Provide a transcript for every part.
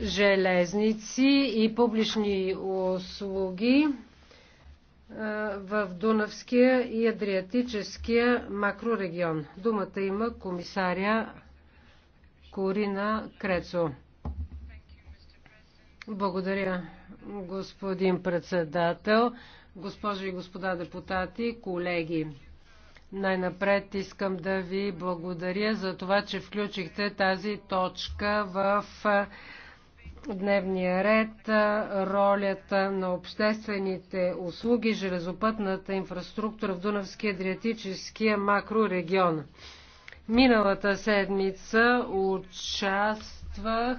железници и публични услуги в Дунавския и Адриатическия макрорегион. Думата има комисаря Корина Крецо. Благодаря, господин председател, госпожи и господа депутати, колеги. Най-напред искам да ви благодаря за това, че включихте тази точка в дневния ред ролята на обществените услуги, железопътната инфраструктура в Дунавския адриатическия макрорегион. Миналата седмица участвах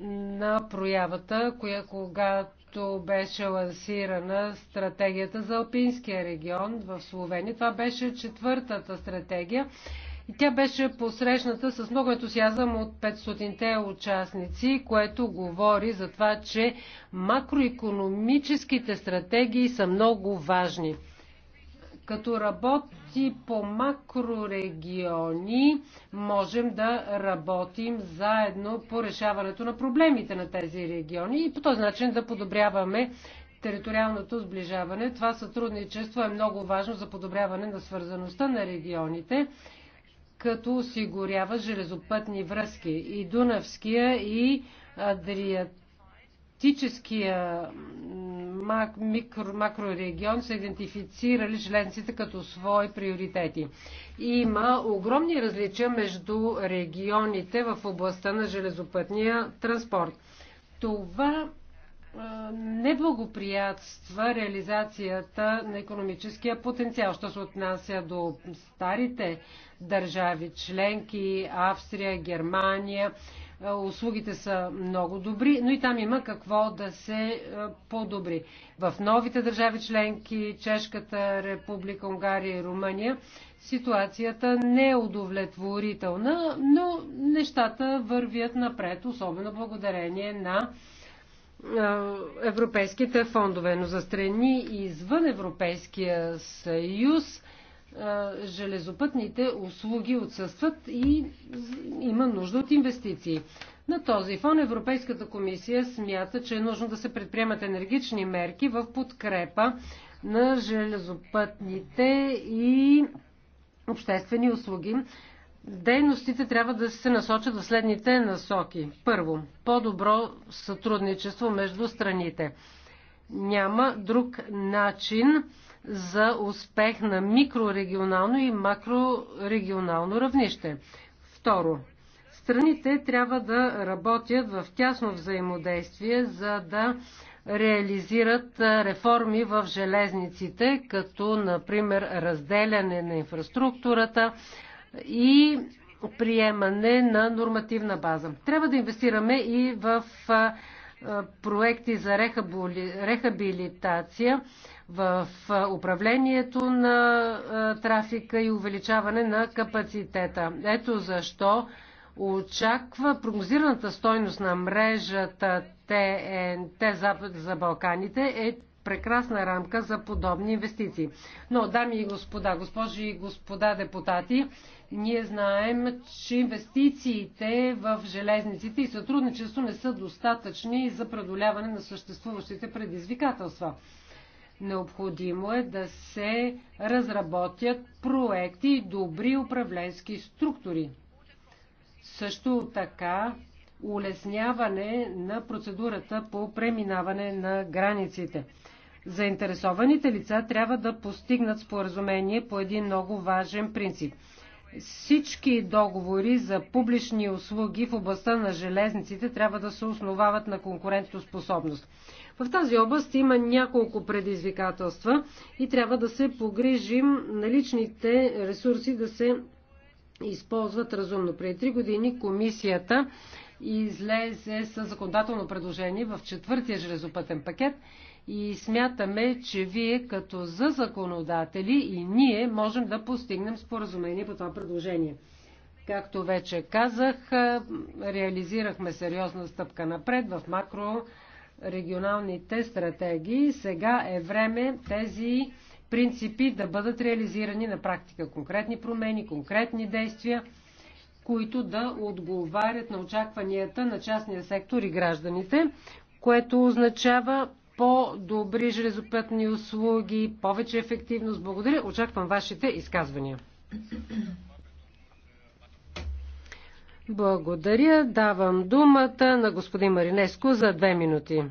на проявата, коя когато беше лансирана стратегията за Алпинския регион в Словения. Това беше четвъртата стратегия и тя беше посрещната с много ентусиазъм от 500-те участници, което говори за това, че макроекономическите стратегии са много важни. Като работи по макрорегиони, можем да работим заедно по решаването на проблемите на тези региони и по този начин да подобряваме териториалното сближаване. Това сътрудничество е много важно за подобряване на свързаността на регионите като осигурява железопътни връзки и Дунавския и Адриатическия микро, макрорегион са идентифицирали железниците като свои приоритети. Има огромни различия между регионите в областта на железопътния транспорт. Това неблагоприятства реализацията на економическия потенциал, що се отнася до старите държави, членки, Австрия, Германия. Услугите са много добри, но и там има какво да се подобри. В новите държави членки, Чешката република, Унгария и Румъния, ситуацията не е удовлетворителна, но нещата вървят напред, особено благодарение на европейските фондове. Но за страни извън Европейския съюз железопътните услуги отсъстват и има нужда от инвестиции. На този фон Европейската комисия смята, че е нужно да се предприемат енергични мерки в подкрепа на железопътните и обществени услуги. Дейностите трябва да се насочат в следните насоки. Първо, по-добро сътрудничество между страните. Няма друг начин за успех на микрорегионално и макрорегионално равнище. Второ, страните трябва да работят в тясно взаимодействие, за да реализират реформи в железниците, като например разделяне на инфраструктурата, и приемане на нормативна база. Трябва да инвестираме и в проекти за рехабилитация в управлението на трафика и увеличаване на капацитета. Ето защо очаква прогнозираната стойност на мрежата ТНТ за Балканите е прекрасна рамка за подобни инвестиции. Но, дами и господа, госпожи и господа депутати, ние знаем, че инвестициите в железниците и сътрудничество не са достатъчни за преодоляване на съществуващите предизвикателства. Необходимо е да се разработят проекти и добри управленски структури. Също така улесняване на процедурата по преминаване на границите. Заинтересованите лица трябва да постигнат споразумение по един много важен принцип. Всички договори за публични услуги в областта на железниците трябва да се основават на конкурентоспособност. В тази област има няколко предизвикателства и трябва да се погрижим наличните ресурси да се използват разумно. Преди три години комисията излезе с законодателно предложение в четвъртия железопътен пакет – и смятаме, че вие като за законодатели и ние можем да постигнем споразумение по това предложение. Както вече казах, реализирахме сериозна стъпка напред в макрорегионалните стратегии. Сега е време тези принципи да бъдат реализирани на практика. Конкретни промени, конкретни действия, които да отговарят на очакванията на частния сектор и гражданите, което означава по-добри железопътни услуги, повече ефективност. Благодаря. Очаквам вашите изказвания. Благодаря. Давам думата на господин Маринеско за две минути.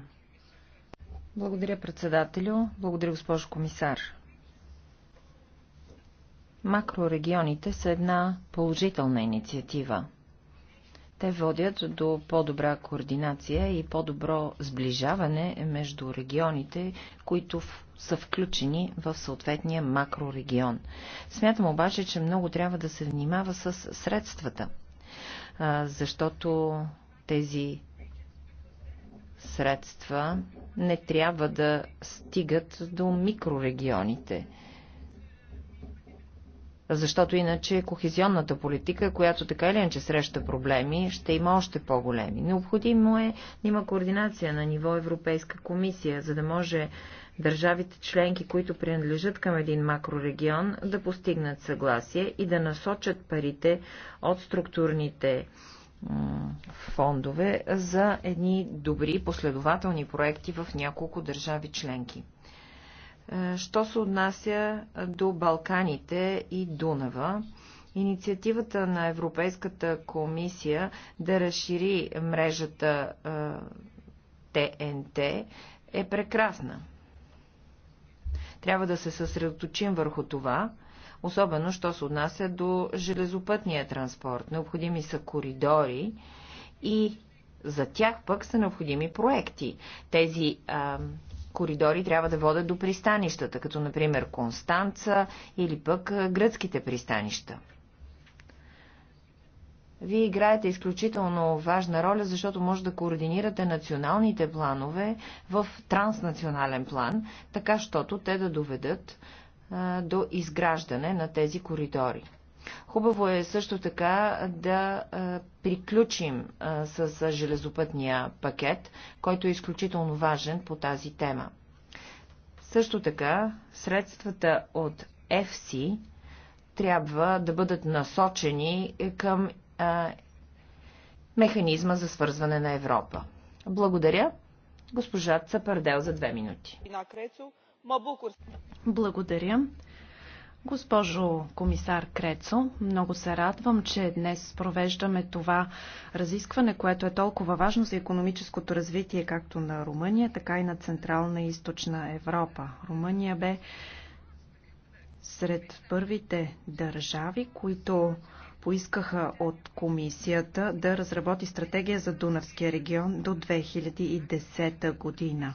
Благодаря, председателю. Благодаря, госпожо комисар. Макрорегионите са една положителна инициатива. Те водят до по-добра координация и по-добро сближаване между регионите, които са включени в съответния макрорегион. Смятам обаче, че много трябва да се внимава с средствата, защото тези средства не трябва да стигат до микрорегионите защото иначе кохезионната политика, която така или иначе среща проблеми, ще има още по-големи. Необходимо е да има координация на ниво Европейска комисия, за да може държавите членки, които принадлежат към един макрорегион, да постигнат съгласие и да насочат парите от структурните фондове за едни добри последователни проекти в няколко държави членки. Е, що се отнася до Балканите и Дунава, инициативата на Европейската комисия да разшири мрежата ТНТ е, е прекрасна. Трябва да се съсредоточим върху това, особено що се отнася до железопътния транспорт. Необходими са коридори и за тях пък са необходими проекти. Тези а, коридори трябва да водят до пристанищата, като например Констанца или пък гръцките пристанища. Вие играете изключително важна роля, защото може да координирате националните планове в транснационален план, така щото те да доведат а, до изграждане на тези коридори. Хубаво е също така да приключим с железопътния пакет, който е изключително важен по тази тема. Също така, средствата от FC трябва да бъдат насочени към а, механизма за свързване на Европа. Благодаря. Госпожа Цапардел за две минути. Благодаря. Госпожо комисар Крецо, много се радвам, че днес провеждаме това разискване, което е толкова важно за економическото развитие както на Румъния, така и на Централна и Източна Европа. Румъния бе сред първите държави, които поискаха от комисията да разработи стратегия за Дунавския регион до 2010 година.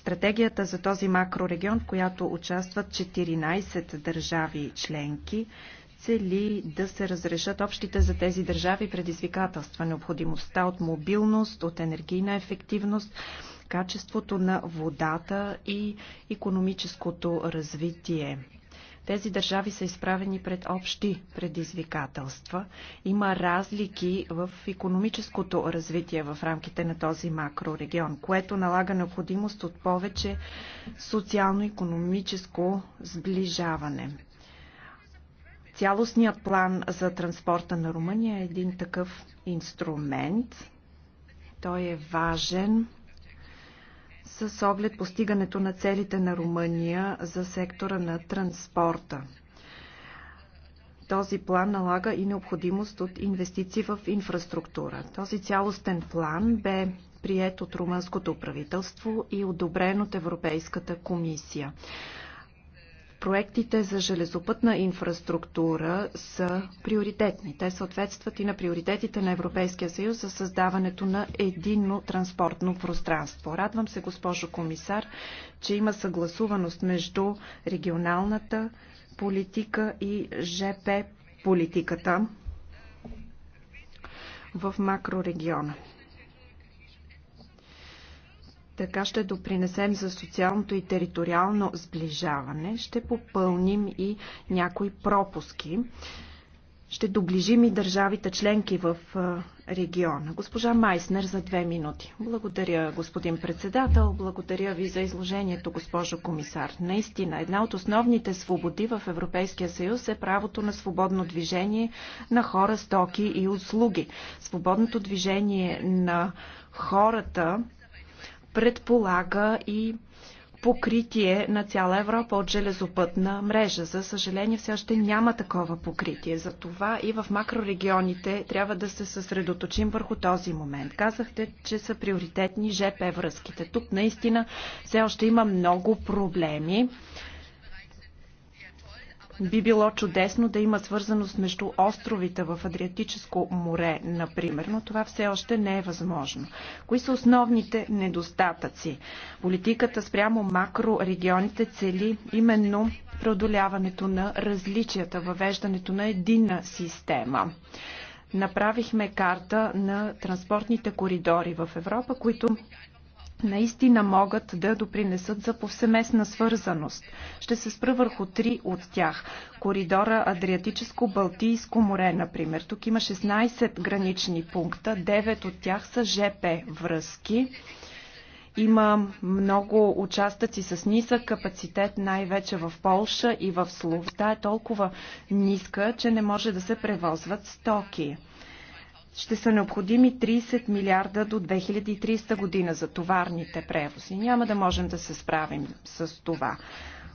Стратегията за този макрорегион, в която участват 14 държави членки, цели да се разрешат общите за тези държави предизвикателства, необходимостта от мобилност, от енергийна ефективност, качеството на водата и економическото развитие. Тези държави са изправени пред общи предизвикателства. Има разлики в економическото развитие в рамките на този макрорегион, което налага необходимост от повече социално-економическо сближаване. Цялостният план за транспорта на Румъния е един такъв инструмент. Той е важен с оглед постигането на целите на Румъния за сектора на транспорта. Този план налага и необходимост от инвестиции в инфраструктура. Този цялостен план бе прият от румънското правителство и одобрен от Европейската комисия. Проектите за железопътна инфраструктура са приоритетни. Те съответстват и на приоритетите на Европейския съюз за създаването на единно транспортно пространство. Радвам се, госпожо комисар, че има съгласуваност между регионалната политика и ЖП политиката в макрорегиона. Така ще допринесем за социалното и териториално сближаване, ще попълним и някои пропуски, ще доближим и държавите членки в региона. Госпожа Майснер за две минути. Благодаря, господин председател. Благодаря ви за изложението, госпожо комисар. Наистина, една от основните свободи в Европейския съюз е правото на свободно движение на хора, стоки и услуги. Свободното движение на хората предполага и покритие на цяла Европа от железопътна мрежа. За съжаление, все още няма такова покритие. Затова и в макрорегионите трябва да се съсредоточим върху този момент. Казахте, че са приоритетни ЖП връзките. Тук наистина все още има много проблеми. Би било чудесно да има свързаност между островите в Адриатическо море, например, но това все още не е възможно. Кои са основните недостатъци? Политиката спрямо макрорегионите цели именно преодоляването на различията, въвеждането на единна система направихме карта на транспортните коридори в Европа, които наистина могат да допринесат за повсеместна свързаност. Ще се спра върху три от тях. Коридора Адриатическо-Балтийско море, например. Тук има 16 гранични пункта, 9 от тях са ЖП връзки. Има много участъци с нисък капацитет, най-вече в Полша и в Словта е толкова ниска, че не може да се превозват стоки ще са необходими 30 милиарда до 2030 година за товарните превози. Няма да можем да се справим с това.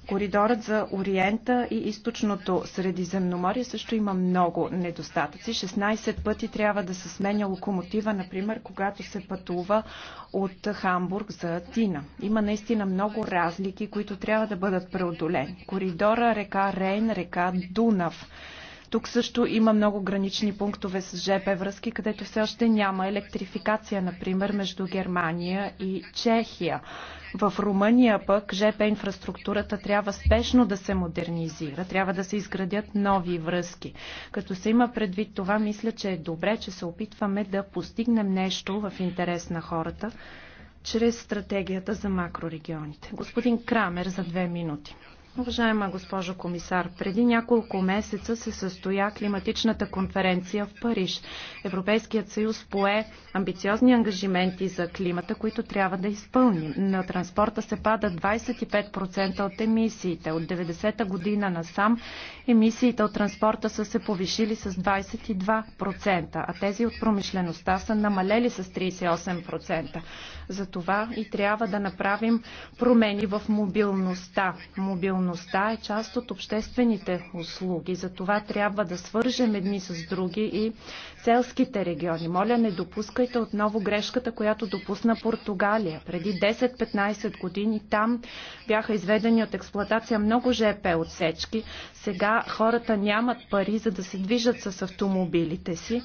Коридорът за Ориента и източното Средиземноморие също има много недостатъци. 16 пъти трябва да се сменя локомотива, например, когато се пътува от Хамбург за Атина. Има наистина много разлики, които трябва да бъдат преодолени. Коридора река Рейн, река Дунав тук също има много гранични пунктове с ЖП връзки, където все още няма електрификация, например, между Германия и Чехия. В Румъния пък ЖП инфраструктурата трябва спешно да се модернизира, трябва да се изградят нови връзки. Като се има предвид това, мисля, че е добре, че се опитваме да постигнем нещо в интерес на хората чрез стратегията за макрорегионите. Господин Крамер за две минути. Уважаема госпожо комисар, преди няколко месеца се състоя климатичната конференция в Париж. Европейският съюз пое амбициозни ангажименти за климата, които трябва да изпълним. На транспорта се пада 25% от емисиите. От 90-та година насам емисиите от транспорта са се повишили с 22%, а тези от промишлеността са намалели с 38%. Затова и трябва да направим промени в мобилността. Мобилността е част от обществените услуги. Затова трябва да свържем едни с други и селските региони. Моля, не допускайте отново грешката, която допусна Португалия. Преди 10-15 години там бяха изведени от експлоатация много ЖП отсечки. Сега хората нямат пари за да се движат с автомобилите си,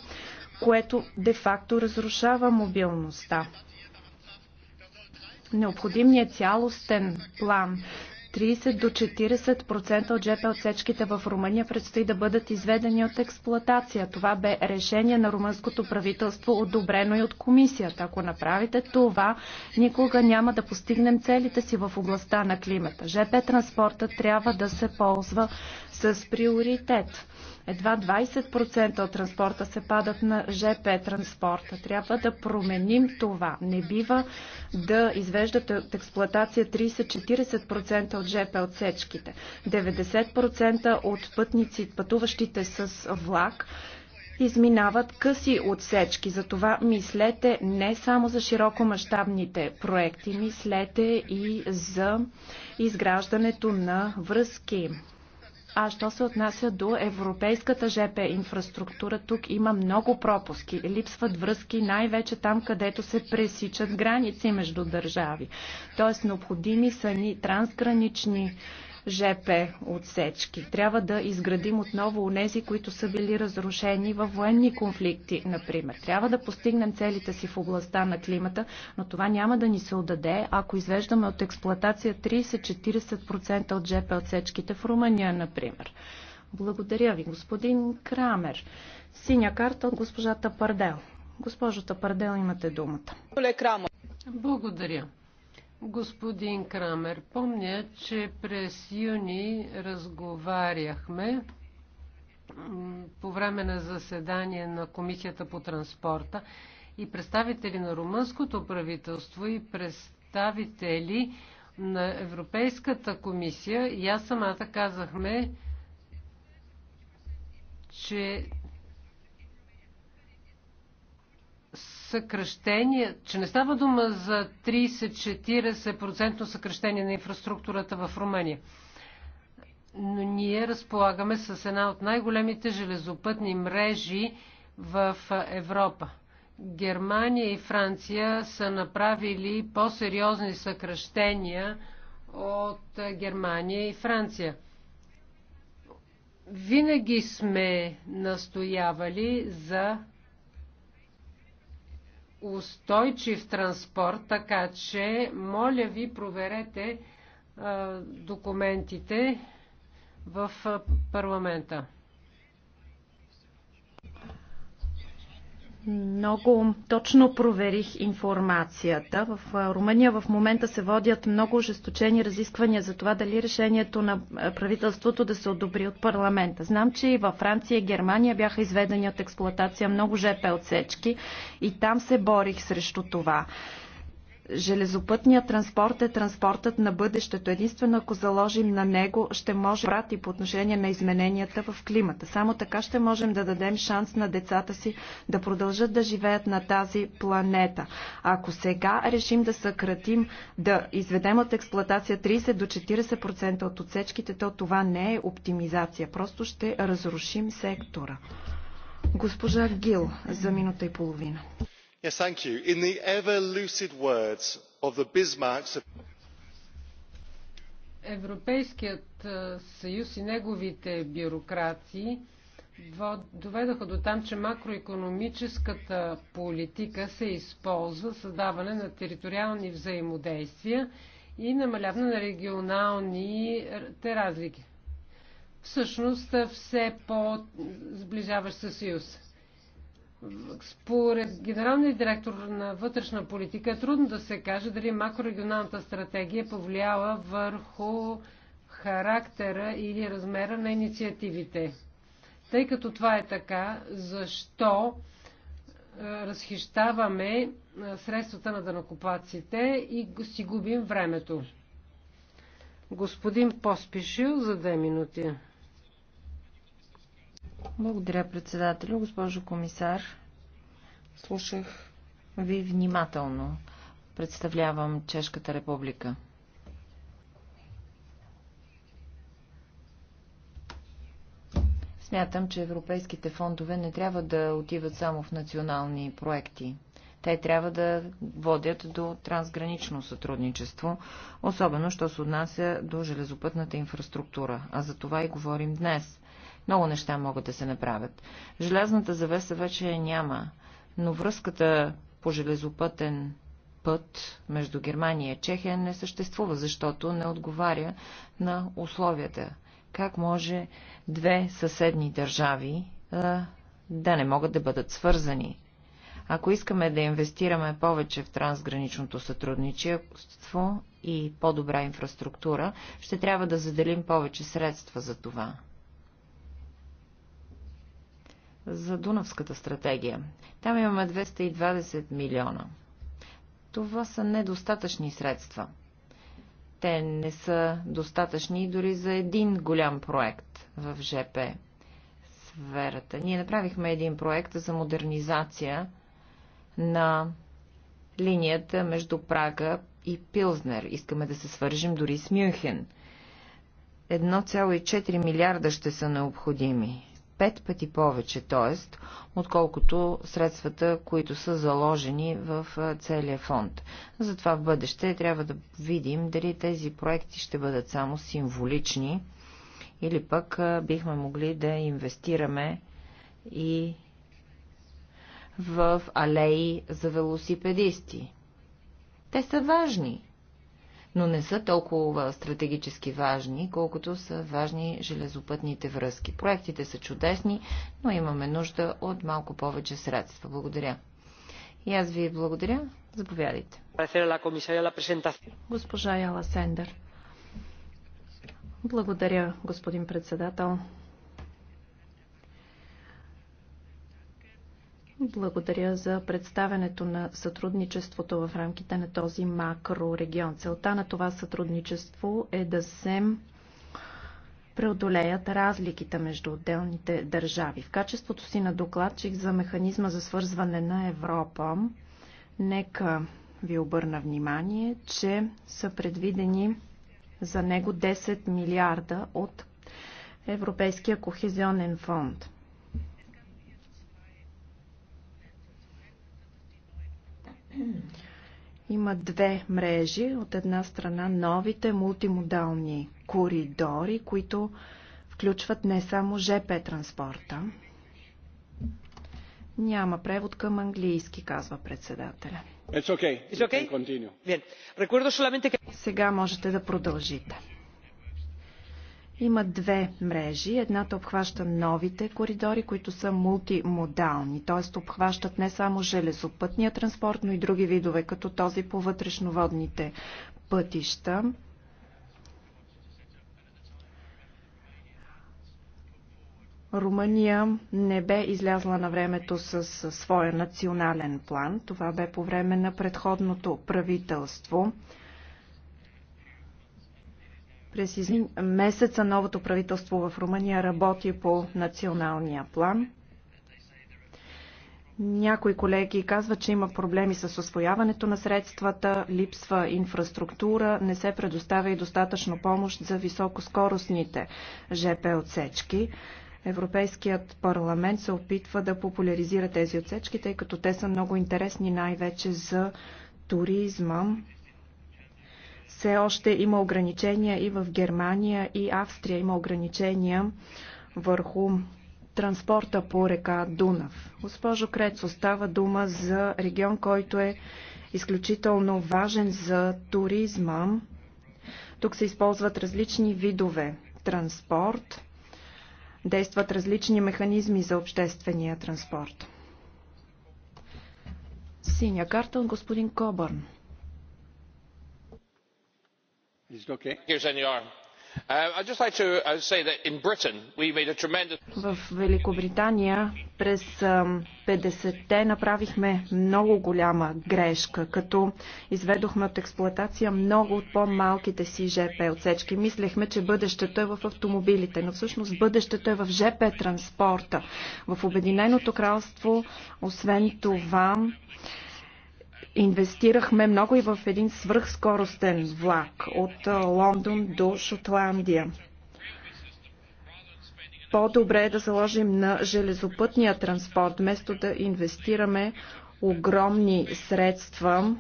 което де-факто разрушава мобилността необходимия е цялостен план. 30 до 40% от ЖП отсечките в Румъния предстои да бъдат изведени от експлоатация. Това бе решение на румънското правителство, одобрено и от комисията. Ако направите това, никога няма да постигнем целите си в областта на климата. ЖП транспорта трябва да се ползва с приоритет. Едва 20% от транспорта се падат на ЖП транспорта. Трябва да променим това. Не бива да извеждат от експлоатация 30-40% от ЖП отсечките. 90% от пътници, пътуващите с влак, изминават къси отсечки. Затова мислете не само за широкомащабните проекти, мислете и за изграждането на връзки а що се отнася до европейската ЖП инфраструктура, тук има много пропуски. Липсват връзки най-вече там, където се пресичат граници между държави. Тоест необходими са ни трансгранични ЖП отсечки. Трябва да изградим отново унези, които са били разрушени във военни конфликти, например. Трябва да постигнем целите си в областта на климата, но това няма да ни се отдаде, ако извеждаме от експлоатация 30-40% от ЖП отсечките в Румъния, например. Благодаря ви, господин Крамер. Синя карта от госпожата Пардел. Госпожата Пардел, имате думата. Благодаря. Господин Крамер, помня, че през юни разговаряхме по време на заседание на Комисията по транспорта и представители на румънското правителство и представители на Европейската комисия и аз самата казахме, че съкръщения, че не става дума за 30-40% съкръщение на инфраструктурата в Румъния. Но ние разполагаме с една от най-големите железопътни мрежи в Европа. Германия и Франция са направили по-сериозни съкръщения от Германия и Франция. Винаги сме настоявали за устойчив транспорт, така че моля ви проверете документите в парламента. Много точно проверих информацията. В Румъния в момента се водят много ожесточени разисквания за това дали решението на правителството да се одобри от парламента. Знам, че и във Франция и Германия бяха изведени от експлоатация много ЖП отсечки и там се борих срещу това. Железопътният транспорт е транспортът на бъдещето. Единствено ако заложим на него, ще може прати по отношение на измененията в климата. Само така ще можем да дадем шанс на децата си да продължат да живеят на тази планета. Ако сега решим да съкратим, да изведем от експлоатация 30 до 40% от отсечките, то това не е оптимизация. Просто ще разрушим сектора. Госпожа Гил за минута и половина in the ever lucid words of the bismarcks Европейският съюз и неговите бюрокрации доведоха до там, че макроекономическата политика се използва създаване на териториални взаимодействия и намаляване на регионалните разлики. Всъщност все по-сближаващ се съюз. Според генералния директор на вътрешна политика е трудно да се каже дали макрорегионалната стратегия е повлияла върху характера или размера на инициативите. Тъй като това е така, защо е, разхищаваме е, средствата на данокопаците и си губим времето? Господин Поспишил за две минути. Благодаря, председателю. Госпожо комисар, слушах ви внимателно. Представлявам Чешката република. Смятам, че европейските фондове не трябва да отиват само в национални проекти. Те трябва да водят до трансгранично сътрудничество, особено що се отнася до железопътната инфраструктура, а за това и говорим днес. Много неща могат да се направят. Желязната завеса вече няма, но връзката по железопътен път между Германия и Чехия не съществува, защото не отговаря на условията. Как може две съседни държави да не могат да бъдат свързани? Ако искаме да инвестираме повече в трансграничното сътрудничество и по-добра инфраструктура, ще трябва да заделим повече средства за това за Дунавската стратегия. Там имаме 220 милиона. Това са недостатъчни средства. Те не са достатъчни дори за един голям проект в ЖП сферата. Ние направихме един проект за модернизация на линията между Прага и Пилзнер. Искаме да се свържим дори с Мюнхен. 1,4 милиарда ще са необходими пет пъти повече, т.е. отколкото средствата, които са заложени в целия фонд. Затова в бъдеще трябва да видим дали тези проекти ще бъдат само символични или пък бихме могли да инвестираме и в алеи за велосипедисти. Те са важни, но не са толкова стратегически важни, колкото са важни железопътните връзки. Проектите са чудесни, но имаме нужда от малко повече средства. Благодаря. И аз ви благодаря. Заповядайте. Госпожа Яла Сендер. Благодаря, господин председател. Благодаря за представенето на сътрудничеството в рамките на този макрорегион. Целта на това сътрудничество е да се преодолеят разликите между отделните държави. В качеството си на докладчик за механизма за свързване на Европа, нека ви обърна внимание, че са предвидени за него 10 милиарда от Европейския кохезионен фонд – Има две мрежи. От една страна новите мултимодални коридори, които включват не само ЖП транспорта. Няма превод към английски, казва председателя. It's okay. It's okay? Continue. Сега можете да продължите. Има две мрежи. Едната обхваща новите коридори, които са мултимодални, т.е. обхващат не само железопътния транспорт, но и други видове, като този по вътрешноводните пътища. Румъния не бе излязла на времето с своя национален план. Това бе по време на предходното правителство. През месеца новото правителство в Румъния работи по националния план. Някои колеги казват, че има проблеми с освояването на средствата, липсва инфраструктура, не се предоставя и достатъчно помощ за високоскоростните ЖП отсечки. Европейският парламент се опитва да популяризира тези отсечки, тъй като те са много интересни най-вече за туризма все още има ограничения и в Германия и Австрия има ограничения върху транспорта по река Дунав. Госпожо Крецо, става дума за регион, който е изключително важен за туризма. Тук се използват различни видове транспорт, действат различни механизми за обществения транспорт. Синя карта от господин Кобърн. Uh, uh, в Великобритания през 50-те направихме много голяма грешка, като изведохме от експлоатация много от по-малките си ЖП отсечки. Мислехме, че бъдещето е в автомобилите, но всъщност бъдещето е в ЖП транспорта. В Обединеното кралство, освен това, Инвестирахме много и в един свръхскоростен влак от Лондон до Шотландия. По-добре е да заложим на железопътния транспорт, вместо да инвестираме огромни средства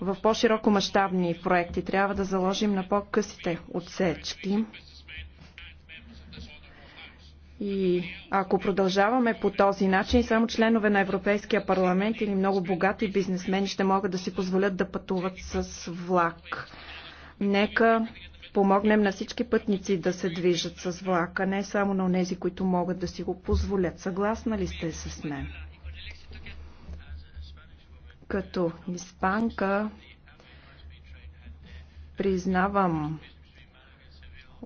в по-широко мащабни проекти. Трябва да заложим на по-късите отсечки. И ако продължаваме по този начин, само членове на Европейския парламент или много богати бизнесмени ще могат да си позволят да пътуват с влак. Нека помогнем на всички пътници да се движат с влака, не само на тези, които могат да си го позволят. Съгласна ли сте с мен? Като испанка признавам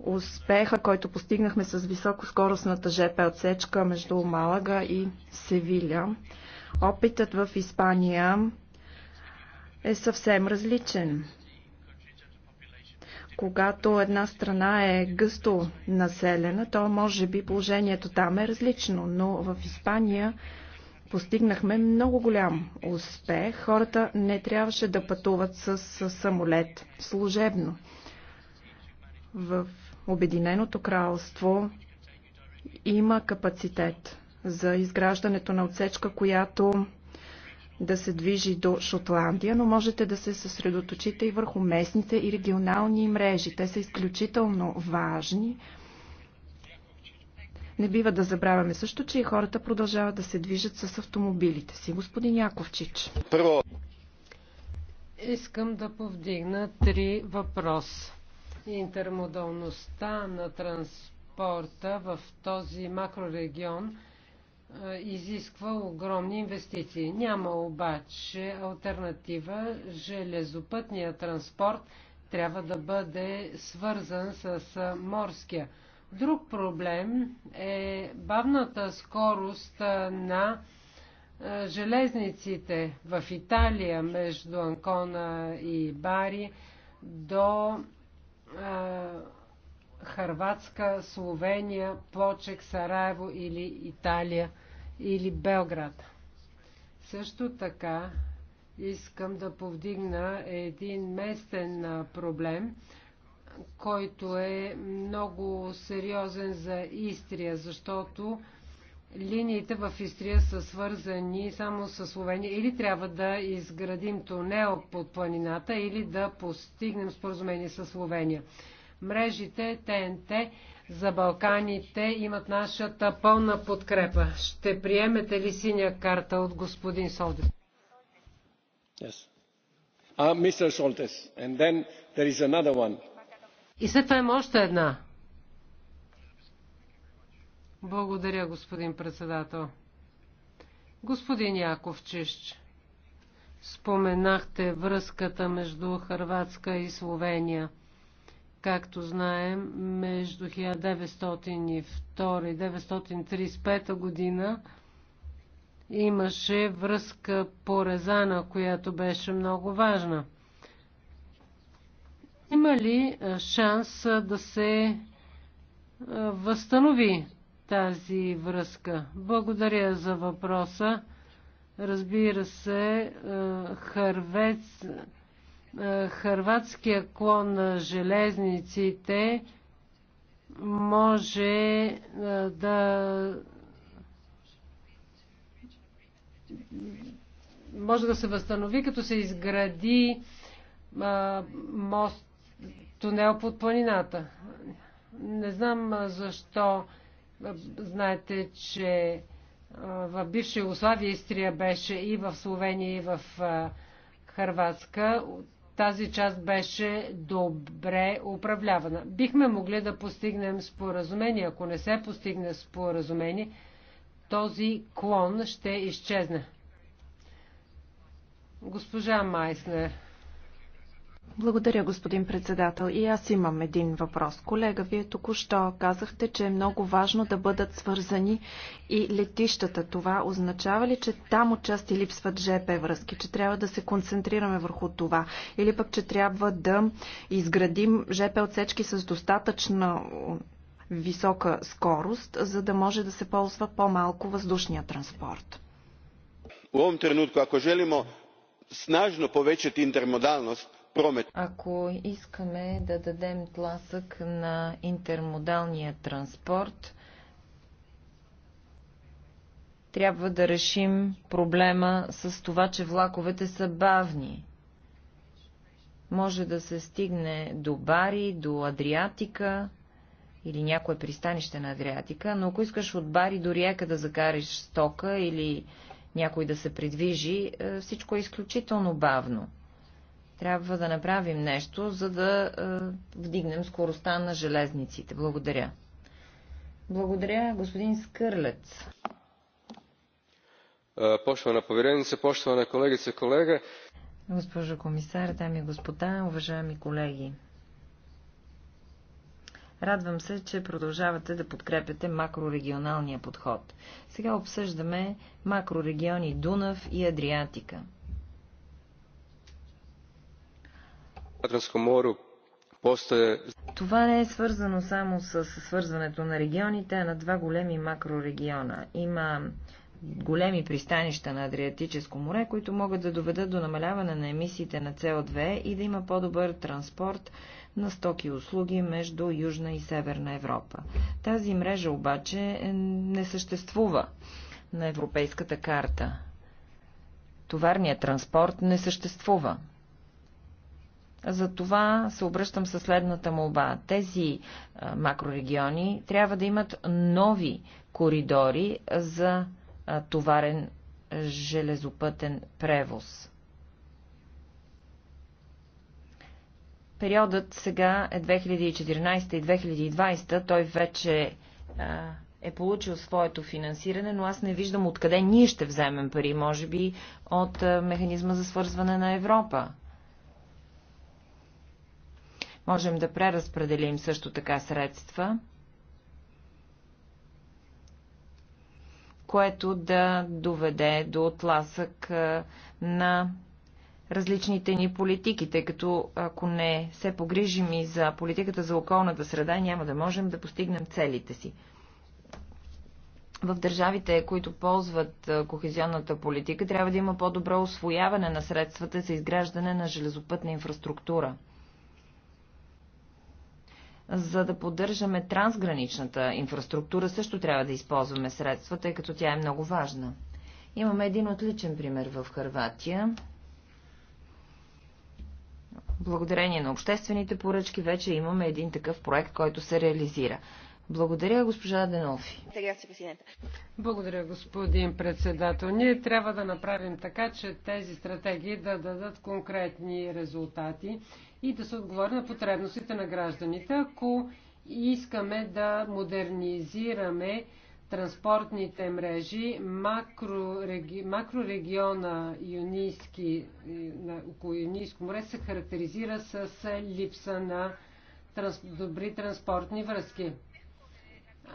успеха, който постигнахме с високоскоростната ЖП отсечка между Малага и Севиля. Опитът в Испания е съвсем различен. Когато една страна е гъсто населена, то може би положението там е различно, но в Испания постигнахме много голям успех. Хората не трябваше да пътуват с самолет служебно. В Обединеното кралство има капацитет за изграждането на отсечка, която да се движи до Шотландия, но можете да се съсредоточите и върху местните и регионални мрежи. Те са изключително важни. Не бива да забравяме също, че и хората продължават да се движат с автомобилите си. Господин Яковчич. Първо. Искам да повдигна три въпроса интермодалността на транспорта в този макрорегион изисква огромни инвестиции. Няма обаче альтернатива. Железопътния транспорт трябва да бъде свързан с морския. Друг проблем е бавната скорост на железниците в Италия между Анкона и Бари до Харватска, Словения, Плочек, Сараево или Италия или Белград. Също така искам да повдигна един местен проблем, който е много сериозен за Истрия, защото линиите в Истрия са свързани само с Словения. Или трябва да изградим тунел под планината, или да постигнем споразумение с Словения. Мрежите ТНТ за Балканите имат нашата пълна подкрепа. Ще приемете ли синя карта от господин Солдес? Yes. Uh, Mr. Soltes. And then there is another one. И след това има още една. Благодаря, господин председател. Господин Яковчищ, споменахте връзката между Харватска и Словения. Както знаем, между 1902 и 1935 година имаше връзка по Резана, която беше много важна. Има ли шанс да се възстанови тази връзка? Благодаря за въпроса. Разбира се, е, хървец, е, хърватския клон на железниците може е, да може да се възстанови, като се изгради мост, тунел под планината. Не знам защо Знаете, че в бивша Югославия Истрия беше и в Словения, и в Харватска. Тази част беше добре управлявана. Бихме могли да постигнем споразумение. Ако не се постигне споразумение, този клон ще изчезне. Госпожа Майснер. Благодаря, господин председател. И аз имам един въпрос. Колега, вие току-що казахте, че е много важно да бъдат свързани и летищата. Това означава ли, че там отчасти липсват ЖП връзки, че трябва да се концентрираме върху това? Или пък, че трябва да изградим ЖП отсечки с достатъчно висока скорост, за да може да се ползва по-малко въздушния транспорт? В ovom trenutku, ako želimo snažno povećati ако искаме да дадем тласък на интермодалния транспорт, трябва да решим проблема с това, че влаковете са бавни. Може да се стигне до Бари, до Адриатика или някое пристанище на Адриатика, но ако искаш от Бари до Риека да закариш стока или някой да се придвижи, е, всичко е изключително бавно. Трябва да направим нещо, за да е, вдигнем скоростта на железниците. Благодаря. Благодаря, господин Скърлец. Poštovana е, повереница, poštovane kolegice i колега. Госпожо комисар, дами и господа, уважаеми колеги. Радвам се, че продължавате да подкрепяте макрорегионалния подход. Сега обсъждаме макрорегиони Дунав и Адриатика. Това не е свързано само с свързването на регионите, а на два големи макрорегиона. Има големи пристанища на Адриатическо море, които могат да доведат до намаляване на емисиите на СО2 и да има по-добър транспорт на стоки и услуги между Южна и Северна Европа. Тази мрежа обаче не съществува на европейската карта. Товарният транспорт не съществува. За това се обръщам със следната молба. Тези макрорегиони трябва да имат нови коридори за товарен железопътен превоз. Периодът сега е 2014 и 2020. Той вече а, е получил своето финансиране, но аз не виждам откъде ние ще вземем пари. Може би от а, механизма за свързване на Европа. Можем да преразпределим също така средства, което да доведе до отласък на различните ни политики, тъй като ако не се погрижим и за политиката за околната среда, няма да можем да постигнем целите си. В държавите, които ползват кохезионната политика, трябва да има по-добро освояване на средствата за изграждане на железопътна инфраструктура – за да поддържаме трансграничната инфраструктура, също трябва да използваме средства, тъй като тя е много важна. Имаме един отличен пример в Харватия. Благодарение на обществените поръчки вече имаме един такъв проект, който се реализира. Благодаря, госпожа Денофи. Благодаря, господин председател. Ние трябва да направим така, че тези стратегии да дадат конкретни резултати и да се отговори на потребностите на гражданите. Ако искаме да модернизираме транспортните мрежи, макрореги, макрорегиона Юниски, на, около Юнийско море се характеризира с липса на транс, добри транспортни връзки.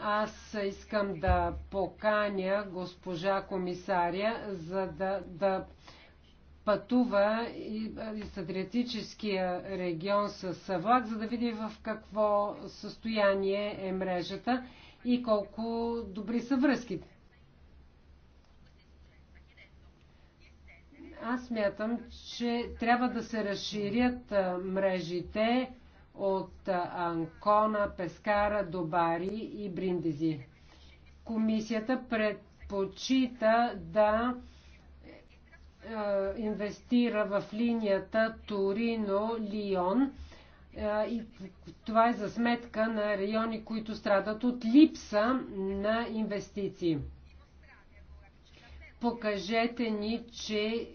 Аз искам да поканя госпожа комисаря, за да, да пътува с Адриатическия регион с Савлак, за да види в какво състояние е мрежата и колко добри са връзките. Аз мятам, че трябва да се разширят мрежите от Анкона, Пескара, Добари и Бриндизи. Комисията предпочита да е, е, инвестира в линията Торино-Лион е, и това е за сметка на райони, които страдат от липса на инвестиции. Покажете ни, че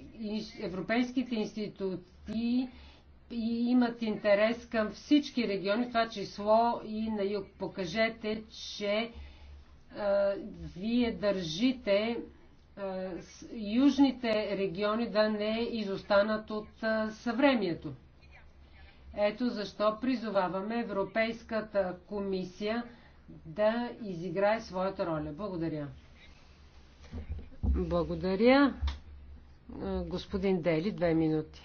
европейските институции и имат интерес към всички региони, това число и на юг. Покажете, че а, вие държите а, южните региони да не изостанат от а, съвремието. Ето защо призоваваме Европейската комисия да изиграе своята роля. Благодаря. Благодаря. Господин Дели, две минути.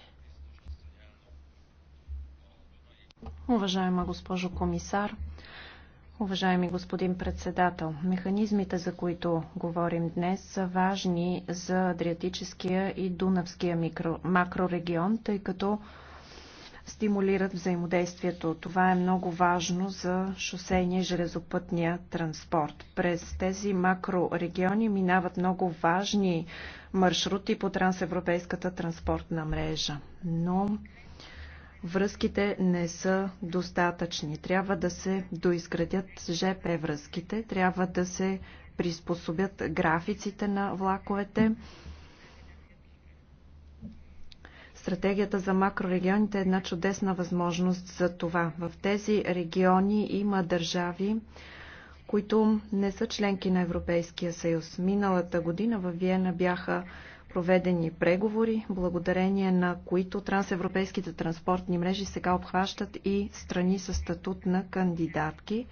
Уважаема госпожо комисар, Уважаеми господин председател, механизмите, за които говорим днес, са важни за Адриатическия и Дунавския микро, макрорегион, тъй като стимулират взаимодействието. Това е много важно за шосейния и железопътния транспорт. През тези макрорегиони минават много важни маршрути по трансевропейската транспортна мрежа. Но връзките не са достатъчни. Трябва да се доизградят ЖП връзките, трябва да се приспособят графиците на влаковете. Стратегията за макрорегионите е една чудесна възможност за това. В тези региони има държави, които не са членки на Европейския съюз. Миналата година в Виена бяха проведени преговори, благодарение на които трансевропейските транспортни мрежи сега обхващат и страни с статут на кандидатки.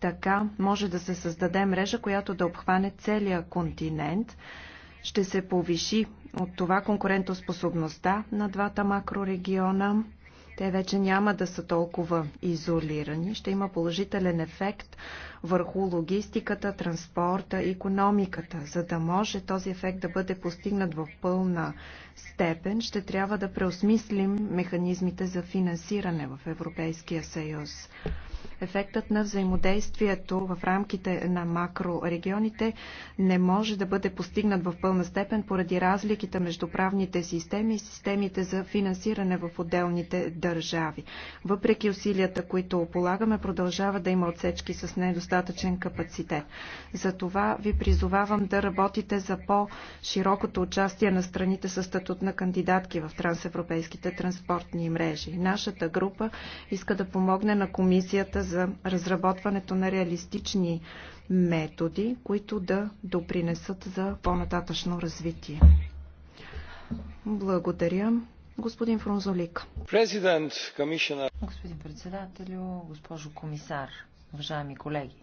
Така може да се създаде мрежа, която да обхване целия континент. Ще се повиши от това конкурентоспособността на двата макрорегиона те вече няма да са толкова изолирани. Ще има положителен ефект върху логистиката, транспорта, економиката. За да може този ефект да бъде постигнат в пълна степен, ще трябва да преосмислим механизмите за финансиране в Европейския съюз. Ефектът на взаимодействието в рамките на макрорегионите не може да бъде постигнат в пълна степен поради разликите между правните системи и системите за финансиране в отделните държави. Въпреки усилията, които полагаме, продължава да има отсечки с недостатъчен капацитет. Затова ви призовавам да работите за по-широкото участие на страните с статут на кандидатки в трансевропейските транспортни мрежи. Нашата група иска да помогне на комисията за разработването на реалистични методи, които да допринесат за по-нататъчно развитие. Благодаря. Господин Фрунзолик. Господин председателю, госпожо комисар, уважаеми колеги.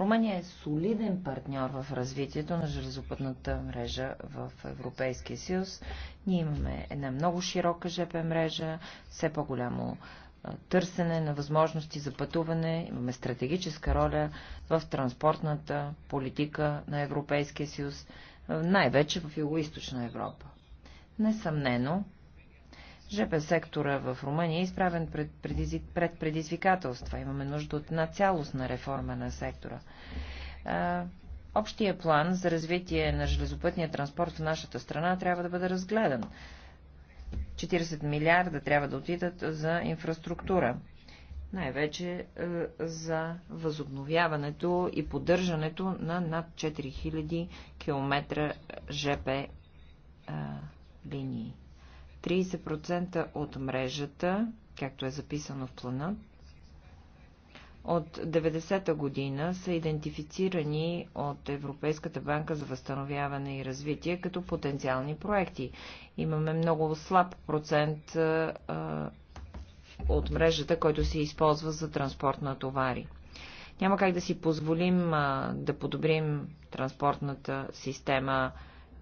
Румъния е солиден партньор в развитието на железопътната мрежа в Европейския съюз. Ние имаме една много широка ЖП мрежа, все по-голямо търсене на възможности за пътуване, имаме стратегическа роля в транспортната политика на Европейския съюз, най-вече в Юго-Источна Европа. Несъмнено, ЖП сектора в Румъния е изправен пред, предизвик, пред предизвикателства. Имаме нужда от една цялостна реформа на сектора. А, общия план за развитие на железопътния транспорт в нашата страна трябва да бъде разгледан. 40 милиарда трябва да отидат за инфраструктура. Най-вече е, за възобновяването и поддържането на над 4000 км ЖП линии. 30% от мрежата, както е записано в плана, от 90-та година са идентифицирани от Европейската банка за възстановяване и развитие като потенциални проекти. Имаме много слаб процент а, от мрежата, който се използва за транспорт на товари. Няма как да си позволим а, да подобрим транспортната система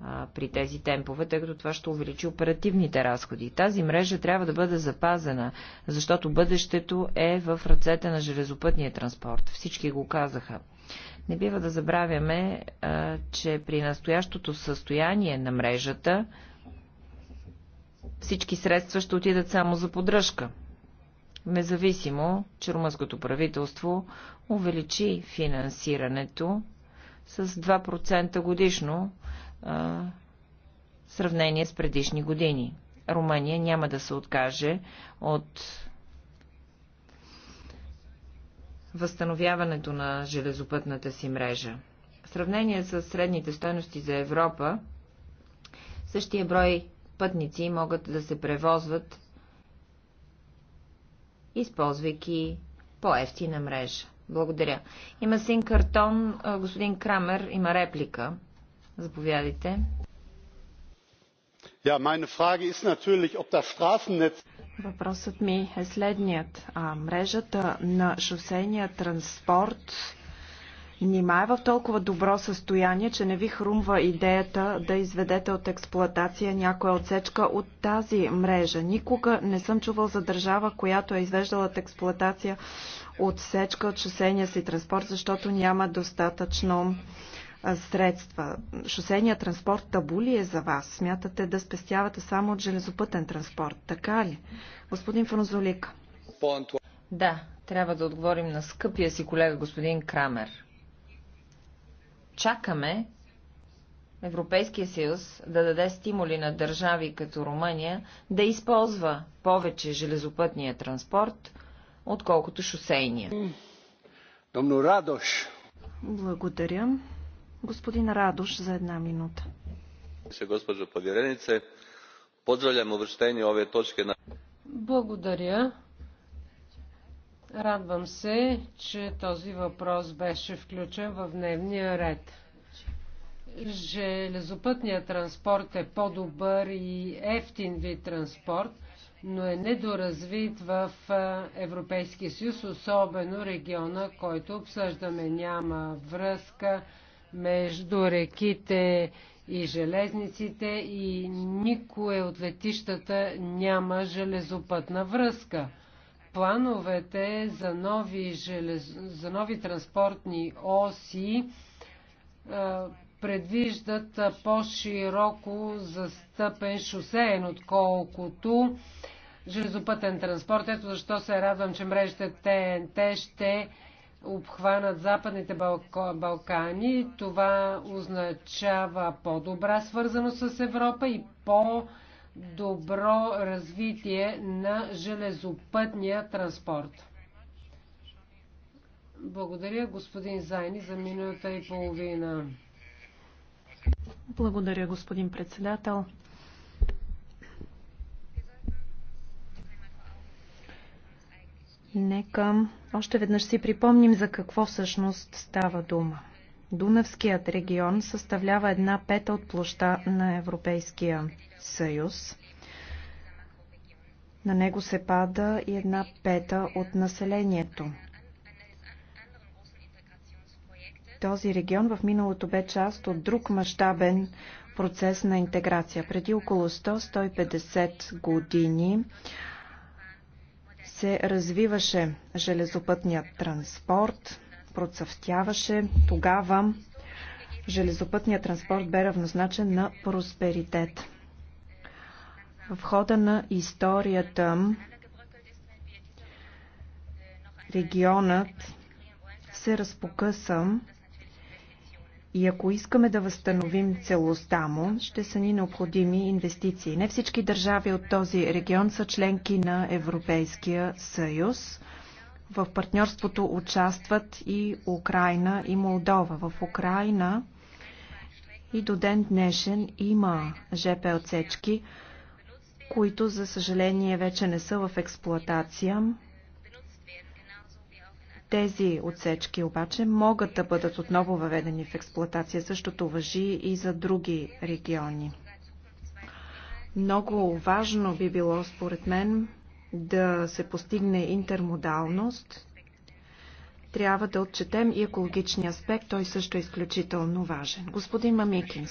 а, при тези темпове, тъй като това ще увеличи оперативните разходи. Тази мрежа трябва да бъде запазена, защото бъдещето е в ръцете на железопътния транспорт. Всички го казаха. Не бива да забравяме, а, че при настоящото състояние на мрежата всички средства ще отидат само за поддръжка. Независимо, че румънското правителство увеличи финансирането с 2% годишно в сравнение с предишни години. Румъния няма да се откаже от възстановяването на железопътната си мрежа. В сравнение с средните стойности за Европа, същия брой пътници могат да се превозват, използвайки по-ефтина мрежа. Благодаря. Има син картон. Господин Крамер има реплика. Заповядайте. Ja, meine Frage ist natürlich, ob das Straßennetz Въпросът ми е следният. А, мрежата на шосейния транспорт нима е в толкова добро състояние, че не ви хрумва идеята да изведете от експлоатация някоя отсечка от тази мрежа. Никога не съм чувал за държава, която е извеждала от експлоатация отсечка от шосейния си транспорт, защото няма достатъчно средства. Шосейният транспорт табу ли е за вас? Смятате да спестявате само от железопътен транспорт, така ли? Господин Франзолик. Да, трябва да отговорим на скъпия си колега господин Крамер. Чакаме Европейския съюз да даде стимули на държави като Румъния да използва повече железопътния транспорт, отколкото шосейния. Домно Радош. Благодаря. Господин Радош за една минута. Госпожо повjerenice, поздравям обръщение ove точки на... Благодаря. Радвам се, че този въпрос беше включен в дневния ред. Железопътният транспорт е по-добър и ефтин вид транспорт, но е недоразвит в Европейския съюз, особено региона, който обсъждаме. Няма връзка между реките и железниците и никое от летищата няма железопътна връзка. Плановете за нови, желез... за нови транспортни оси предвиждат по-широко застъпен шосеен, отколкото железопътен транспорт. Ето защо се радвам, че мрежите ТНТ ще обхванат Западните Балкани. Това означава по-добра свързаност с Европа и по-добро развитие на железопътния транспорт. Благодаря, господин Зайни, за минута и половина. Благодаря, господин председател. Нека още веднъж си припомним за какво всъщност става дума. Дунавският регион съставлява една пета от площа на Европейския съюз. На него се пада и една пета от населението. Този регион в миналото бе част от друг мащабен процес на интеграция. Преди около 100-150 години се развиваше железопътният транспорт, процъфтяваше. Тогава железопътният транспорт бе равнозначен на просперитет. В хода на историята регионът се разпокъсам и ако искаме да възстановим целостта му, ще са ни необходими инвестиции. Не всички държави от този регион са членки на Европейския съюз. В партньорството участват и Украина и Молдова. В Украина и до ден днешен има ЖП отсечки, които за съжаление вече не са в експлоатация. Тези отсечки обаче могат да бъдат отново въведени в експлоатация. Същото въжи и за други региони. Много важно би било, според мен, да се постигне интермодалност. Трябва да отчетем и екологичния аспект, той също е изключително важен. Господин Мамикинс.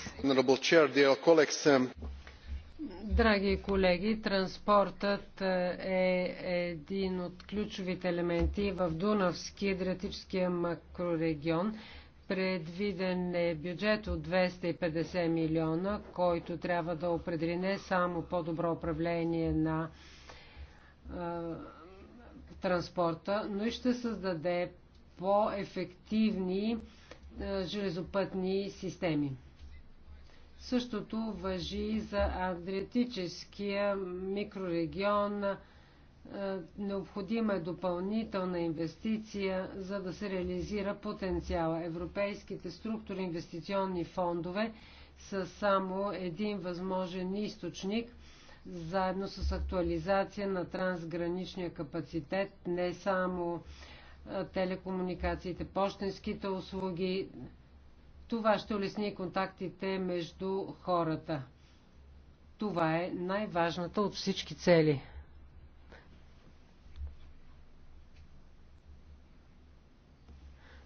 Драги колеги, транспортът е, е един от ключовите елементи в Дунавски дратическия макрорегион. Предвиден е бюджет от 250 милиона, който трябва да определи не само по-добро управление на е, транспорта, но и ще създаде по-ефективни е, железопътни системи. Същото въжи за Адриатическия микрорегион. Е, необходима е допълнителна инвестиция, за да се реализира потенциала. Европейските структури инвестиционни фондове са само един възможен източник, заедно с актуализация на трансграничния капацитет, не само е, телекомуникациите, почтенските услуги, това ще улесни контактите между хората. Това е най-важната от всички цели.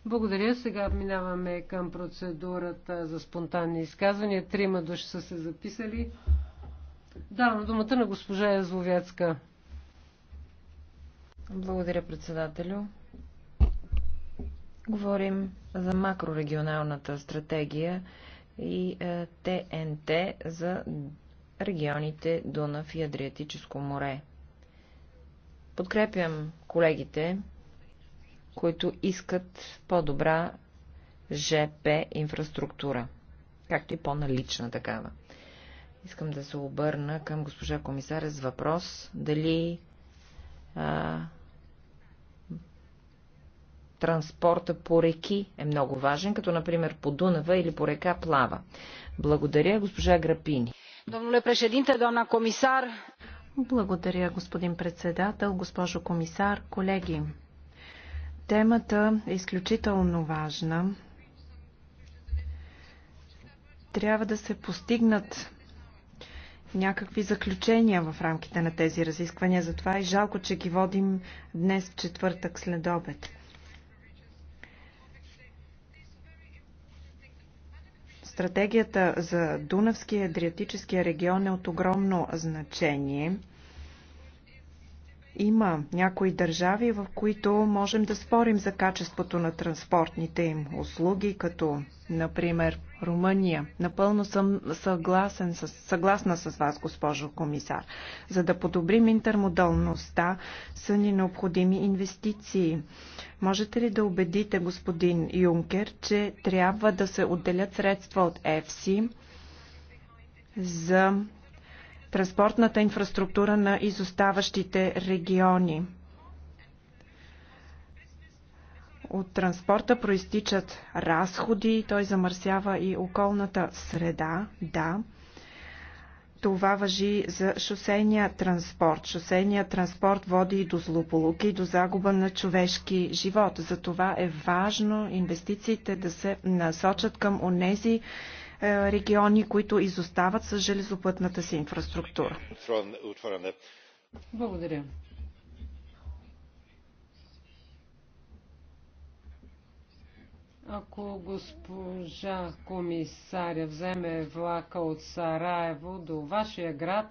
Благодаря. Сега минаваме към процедурата за спонтанни изказвания. Трима души са се записали. Давам думата на госпожа Язловецка. Благодаря, председателю. Говорим за макрорегионалната стратегия и ТНТ е, за регионите Дунав и Адриатическо море. Подкрепям колегите, които искат по-добра ЖП инфраструктура, както и по-налична такава. Искам да се обърна към госпожа комисаря с въпрос дали а, транспорта по реки е много важен, като например по Дунава или по река Плава. Благодаря, госпожа Грапини. Домнуле președинте, doamna комисар. Благодаря, господин председател, госпожо комисар, колеги. Темата е изключително важна. Трябва да се постигнат някакви заключения в рамките на тези разисквания. Затова и е жалко, че ги водим днес в четвъртък след обед. Стратегията за Дунавския и Адриатическия регион е от огромно значение. Има някои държави, в които можем да спорим за качеството на транспортните им услуги, като например Румъния. Напълно съм съгласен с, съгласна с вас, госпожо комисар. За да подобрим интермодалността, са ни необходими инвестиции. Можете ли да убедите господин Юнкер, че трябва да се отделят средства от ЕФСИ за транспортната инфраструктура на изоставащите региони. От транспорта проистичат разходи, той замърсява и околната среда, да. Това въжи за шосейния транспорт. Шосейния транспорт води и до злополуки, и до загуба на човешки живот. Затова е важно инвестициите да се насочат към онези е, региони, които изостават с железопътната си инфраструктура. Благодаря. Ако госпожа комисаря вземе влака от Сараево до вашия град,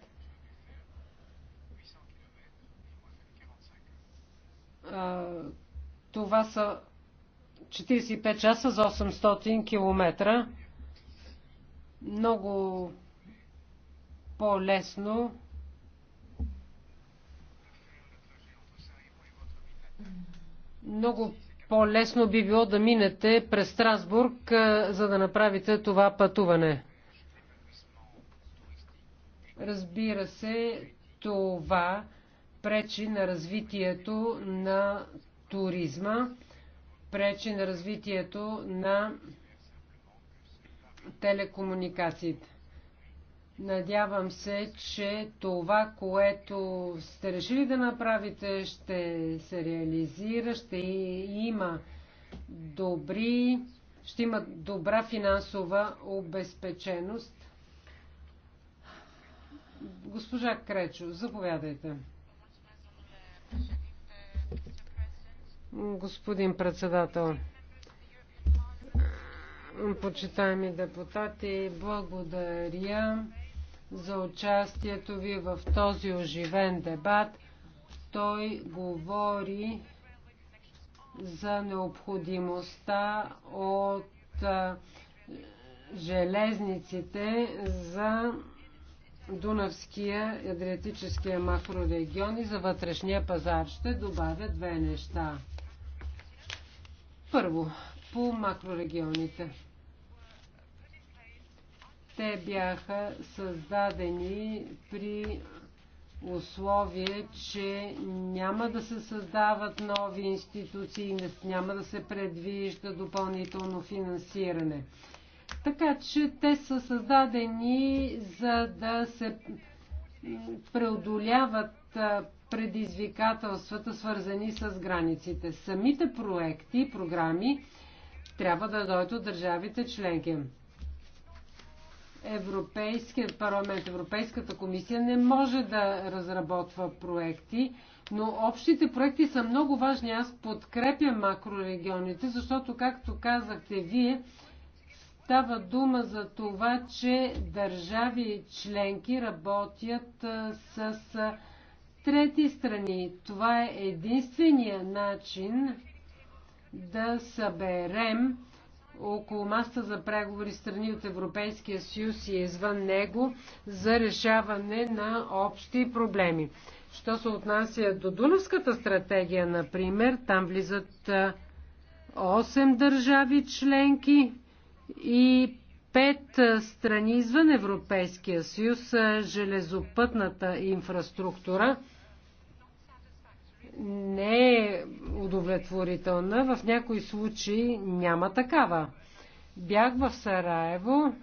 това са 45 часа за 800 километра много по-лесно много по-лесно би било да минете през Страсбург, за да направите това пътуване. Разбира се, това пречи на развитието на туризма, пречи на развитието на телекомуникациите. Надявам се, че това, което сте решили да направите, ще се реализира, ще има добри, ще има добра финансова обезпеченост. Госпожа Кречо, заповядайте. Господин председател, почитаеми депутати, благодаря за участието ви в този оживен дебат. Той говори за необходимостта от железниците за Дунавския, Адриатическия макрорегион и за вътрешния пазар. Ще добавя две неща. Първо, по макрорегионите. Те бяха създадени при условие, че няма да се създават нови институции, няма да се предвижда допълнително финансиране. Така че те са създадени за да се преодоляват предизвикателствата, свързани с границите. Самите проекти, програми трябва да дойдат от държавите членки. Европейският парламент, Европейската комисия не може да разработва проекти, но общите проекти са много важни. Аз подкрепям макрорегионите, защото, както казахте вие, става дума за това, че държави членки работят с трети страни. Това е единствения начин да съберем около маста за преговори страни от Европейския съюз и извън него за решаване на общи проблеми. Що се отнася до Дунавската стратегия, например, там влизат 8 държави членки и 5 страни извън Европейския съюз, железопътната инфраструктура – не е удовлетворителна. В някои случаи няма такава. Бях в Сараево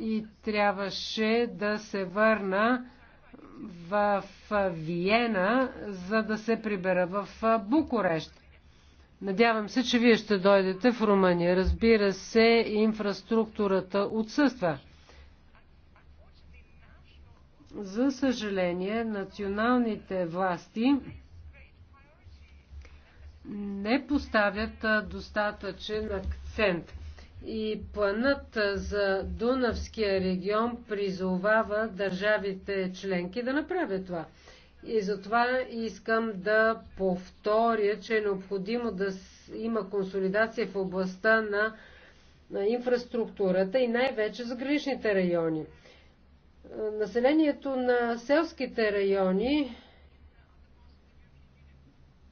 и трябваше да се върна в Виена, за да се прибера в Букурещ. Надявам се, че вие ще дойдете в Румъния. Разбира се, инфраструктурата отсъства. За съжаление, националните власти не поставят достатъчен акцент. И планът за Дунавския регион призовава държавите членки да направят това. И затова искам да повторя, че е необходимо да има консолидация в областта на, инфраструктурата и най-вече за граничните райони населението на селските райони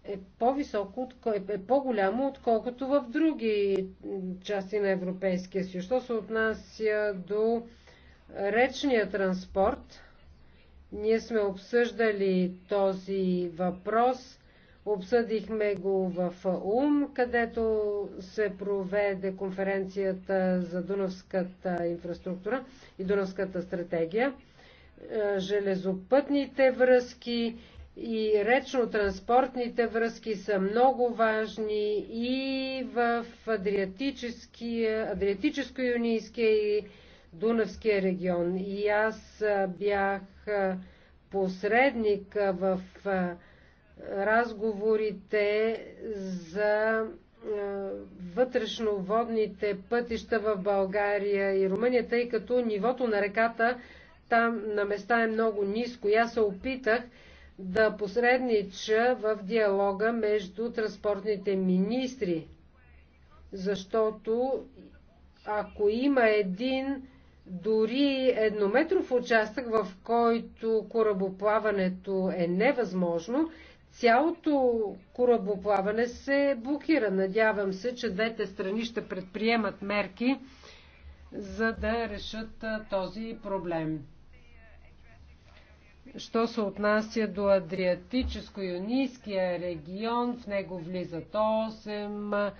е по-високо, е по-голямо, отколкото в други части на Европейския съюз. Що се отнася до речния транспорт, ние сме обсъждали този въпрос Обсъдихме го в УМ, където се проведе конференцията за Дунавската инфраструктура и Дунавската стратегия. Железопътните връзки и речно-транспортните връзки са много важни и в Адриатическо-Юнийския и Дунавския регион. И аз бях посредник в разговорите за е, вътрешноводните пътища в България и Румъния, тъй като нивото на реката там на места е много ниско. аз се опитах да посреднича в диалога между транспортните министри, защото ако има един дори еднометров участък, в който корабоплаването е невъзможно, Цялото корабоплаване се блокира. Надявам се, че двете страни ще предприемат мерки, за да решат този проблем. Що се отнася до Адриатическо-юнийския регион, в него влизат 8,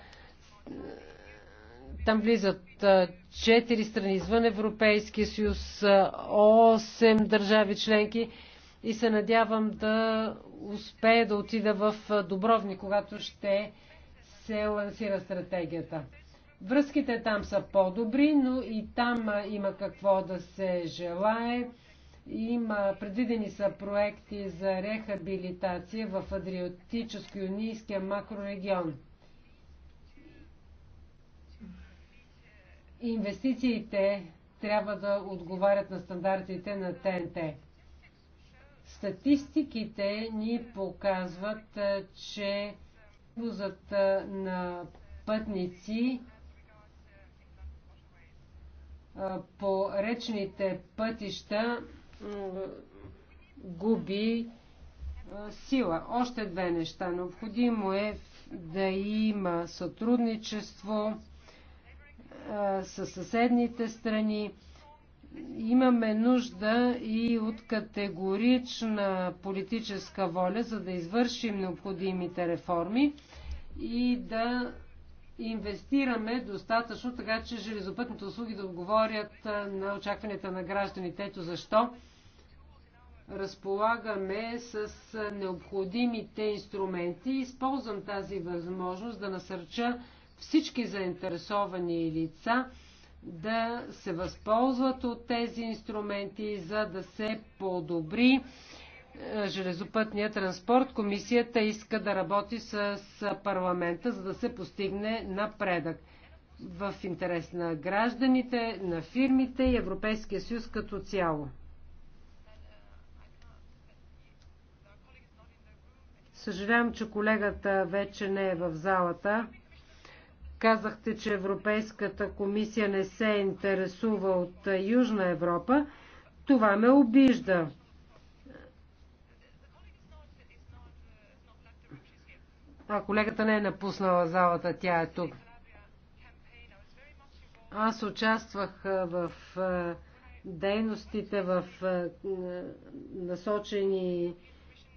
там влизат 4 страни извън Европейския съюз, 8 държави членки и се надявам да успее да отида в Добровни, когато ще се лансира стратегията. Връзките там са по-добри, но и там има какво да се желае. Има предвидени са проекти за рехабилитация в Адриотическо-юнийския макрорегион. Инвестициите трябва да отговарят на стандартите на ТНТ. Статистиките ни показват, че возът на пътници по речните пътища губи сила. Още две неща. Необходимо е да има сътрудничество със съседните страни имаме нужда и от категорична политическа воля, за да извършим необходимите реформи и да инвестираме достатъчно, така че железопътните услуги да отговорят на очакванията на гражданите. Ето защо разполагаме с необходимите инструменти. Използвам тази възможност да насърча всички заинтересовани лица – да се възползват от тези инструменти, за да се подобри е, железопътния транспорт. Комисията иска да работи с парламента, за да се постигне напредък в интерес на гражданите, на фирмите и Европейския съюз като цяло. Съжалявам, че колегата вече не е в залата. Казахте, че Европейската комисия не се интересува от Южна Европа. Това ме обижда. А колегата не е напуснала залата, тя е тук. Аз участвах в дейностите в насочени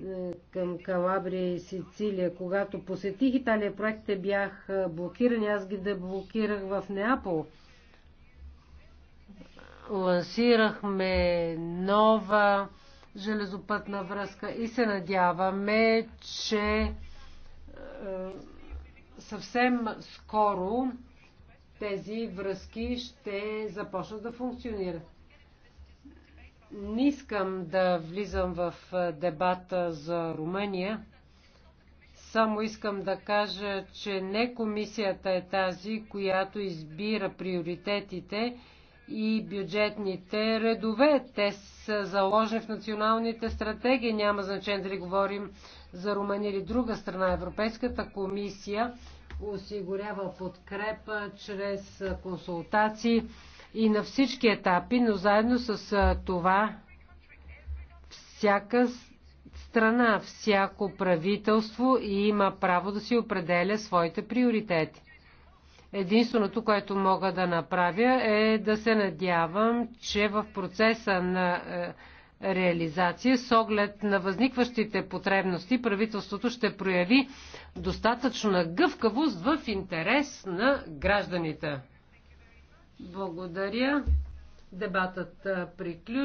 е, към Калабрия и Сицилия. Когато посетих Италия, проектите бях блокирани. Аз ги деблокирах в Неапол. Лансирахме нова железопътна връзка и се надяваме, че е, съвсем скоро тези връзки ще започнат да функционират. Не искам да влизам в дебата за Румъния. Само искам да кажа, че не комисията е тази, която избира приоритетите и бюджетните редове. Те са заложени в националните стратегии. Няма значение дали говорим за Румъния или друга страна. Европейската комисия осигурява подкрепа чрез консултации и на всички етапи, но заедно с това всяка страна, всяко правителство има право да си определя своите приоритети. Единственото, което мога да направя е да се надявам, че в процеса на е, реализация с оглед на възникващите потребности правителството ще прояви достатъчна гъвкавост в интерес на гражданите. Благодаря. Дебатът приключи.